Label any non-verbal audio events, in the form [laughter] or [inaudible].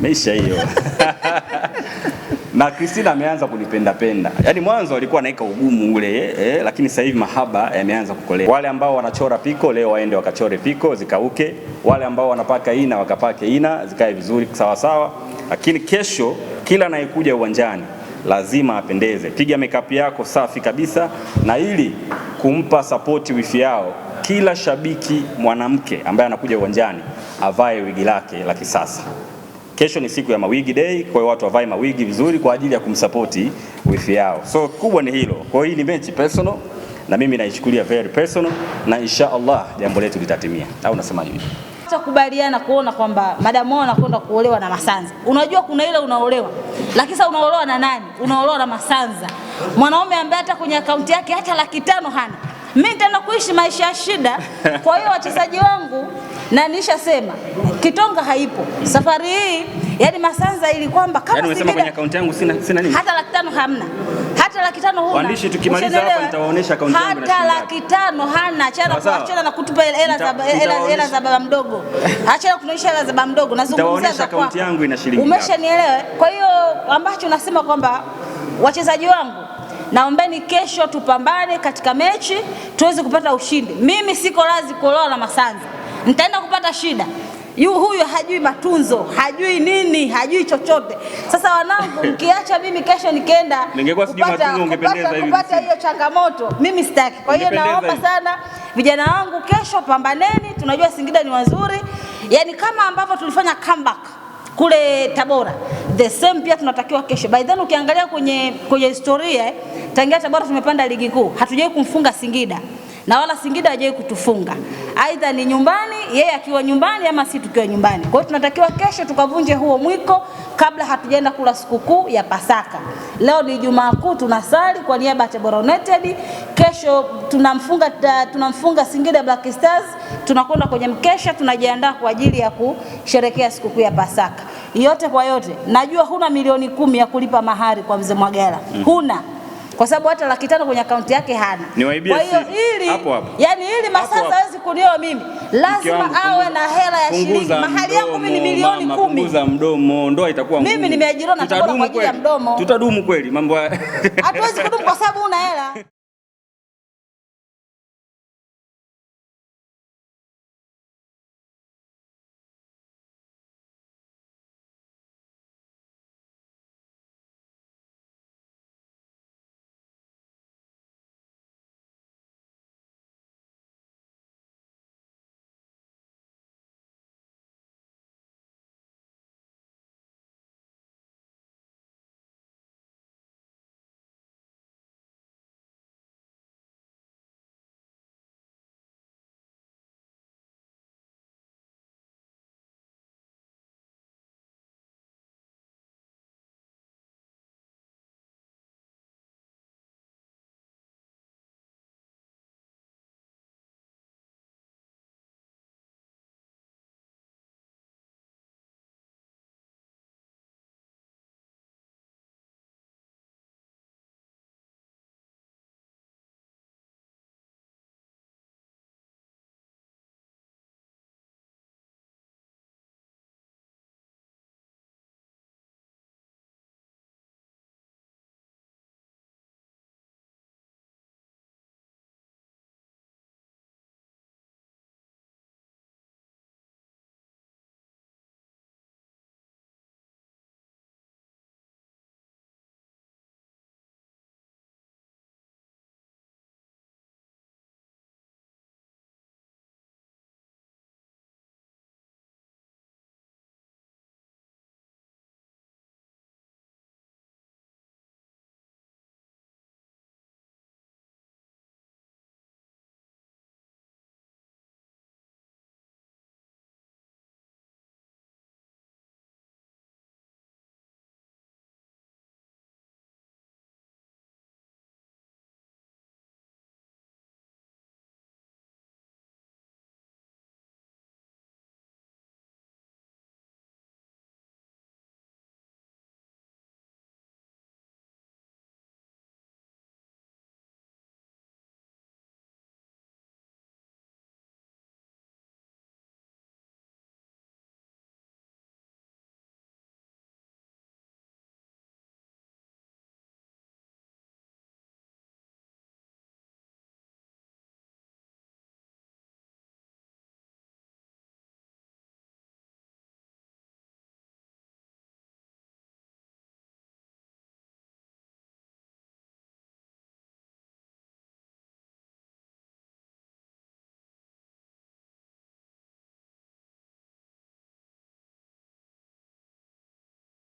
meisha hiyo na Christina ameanza kunipendapenda, yaani mwanzo alikuwa anaika ugumu ule eh, lakini sasa hivi mahaba yameanza eh, kukolea. Wale ambao wanachora piko leo waende wakachore piko zikauke, wale ambao wanapaka ina wakapake ina zikae vizuri sawasawa, lakini kesho kila anayekuja uwanjani lazima apendeze. Piga makeup yako safi kabisa, na ili kumpa sapoti wifi yao, kila shabiki mwanamke ambaye anakuja uwanjani avae wigi lake la kisasa. Kesho ni siku ya mawigi day, kwa hiyo watu wavae mawigi vizuri kwa ajili ya kumsapoti wifi yao. So kubwa ni hilo. Kwa hiyo hii ni mechi personal na mimi naichukulia very personal na insha Allah jambo letu litatimia, au unasema hivi? Tutakubaliana kuona kwamba wao anakwenda kuolewa na Masanza. Unajua kuna ile unaolewa, lakini sasa unaolewa na nani? Unaolewa na Masanza, mwanaume ambaye hata kwenye akaunti yake hata laki tano hana mimi nitaenda kuishi maisha ya shida. Kwa hiyo wachezaji wangu na nishasema Kitonga haipo safari hii, yani Masanza ili kwamba kama yani singida, kwenye akaunti yangu sina, sina nini, hata laki tano hamna, hata laki tano huna. Waandishi, tukimaliza hapa nitawaonesha akaunti yangu, hata laki tano hana. Achana achana na kutupa hela za hela hela za baba mdogo, achana kunaisha hela za baba mdogo, nazungumzia za akaunti yangu ina shilingi. Umeshanielewa? Kwa hiyo ambacho nasema kwamba wachezaji wangu naombeni kesho tupambane katika mechi tuweze kupata ushindi. Mimi siko razi kuolewa na Masanzi, nitaenda kupata shida. Yu, huyu hajui matunzo, hajui nini, hajui chochote. Sasa wanangu, [laughs] mkiacha mimi kesho nikienda kupata hiyo changamoto, mimi sitaki. Kwa hiyo naomba sana vijana wangu, kesho pambaneni. Tunajua Singida ni wazuri, yaani kama ambavyo tulifanya comeback kule Tabora the same pia tunatakiwa kesho. By then ukiangalia kwenye, kwenye historia tangia Tabora tumepanda ligi kuu hatujawahi kumfunga Singida na wala Singida hajawahi kutufunga, aidha ni nyumbani, yeye akiwa nyumbani ama si tukiwa nyumbani. Kwa hiyo tunatakiwa kesho tukavunje huo mwiko kabla hatujaenda kula sikukuu ya Pasaka. Leo ni Jumaa Kuu, tunasali kwa niaba ya Tabora United. Kesho tunamfunga, tunamfunga Singida Black Stars, tunakwenda kwenye mkesha, tunajiandaa kwa ajili ya kusherekea sikukuu ya Pasaka yote kwa yote, najua huna milioni kumi ya kulipa mahari kwa mzee Mwagala mm. huna kwa sababu hata laki tano kwenye akaunti yake hana. Kwa hiyo ili hapo hapo, yani ili Masasa hawezi kunioa mimi, lazima awe na hela ya shilingi mahali yangu mimi milioni kumi. Punguza mdomo, ndoa itakuwa ngumu. Mimi nimeajiriwa na kwa ajili ya mdomo. Tutadumu kweli? Mambo hatuwezi kudumu kwa sababu una hela. [laughs]